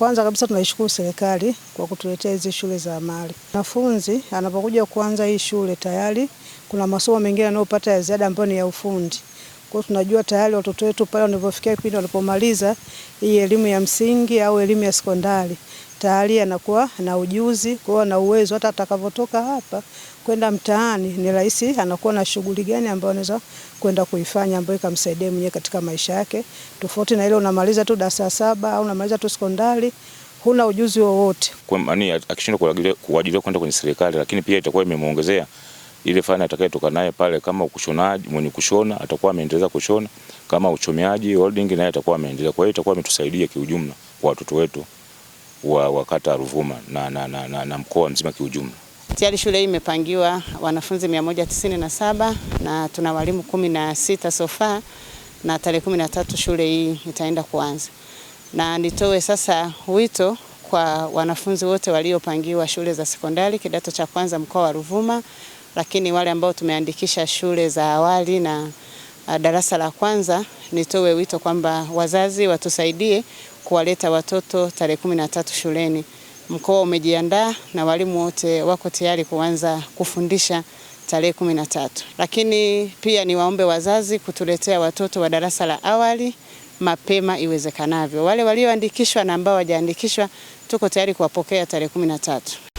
Kwanza kabisa tunaishukuru serikali kwa kutuletea hizi shule za amali. Wanafunzi anapokuja kuanza hii shule tayari kuna masomo mengine anayopata ya ziada ambayo ni ya ufundi. Kwa hiyo tunajua tayari watoto wetu pale wanapofikia kipindi walipomaliza hii elimu ya msingi au elimu ya sekondari tayari anakuwa na ujuzi kwa na uwezo, hata atakavyotoka hapa kwenda mtaani ni rahisi, anakuwa na shughuli gani ambayo anaweza kwenda kuifanya ambayo ikamsaidia mwenyewe katika maisha yake, tofauti na ile unamaliza tu darasa saba au unamaliza tu sekondari huna ujuzi wowote. Kwa maana akishindwa kuajiriwa kwenda kwenye serikali, lakini pia itakuwa imemuongezea ile fani atakayotoka naye pale, kama ukushonaji, mwenye kushona atakuwa ameendelea kushona, kama uchomeaji welding, naye atakuwa ameendelea. Kwa hiyo itakuwa imetusaidia kiujumla kwa watoto wetu wa, wa kata Ruvuma na, na, na, na, na mkoa mzima kiujumla. Tayari shule hii imepangiwa wanafunzi 197 na tuna walimu 16 sofa na tarehe 13 shule hii itaenda kuanza. Na nitoe sasa wito kwa wanafunzi wote waliopangiwa shule za sekondari kidato cha kwanza mkoa wa Ruvuma, lakini wale ambao tumeandikisha shule za awali na Ah, darasa la kwanza, nitoe wito kwamba wazazi watusaidie kuwaleta watoto tarehe kumi na tatu shuleni. Mkoa umejiandaa na walimu wote wako tayari kuanza kufundisha tarehe kumi na tatu, lakini pia niwaombe wazazi kutuletea watoto wa darasa la awali mapema iwezekanavyo. Wale walioandikishwa na ambao wajaandikishwa tuko tayari kuwapokea tarehe kumi na tatu.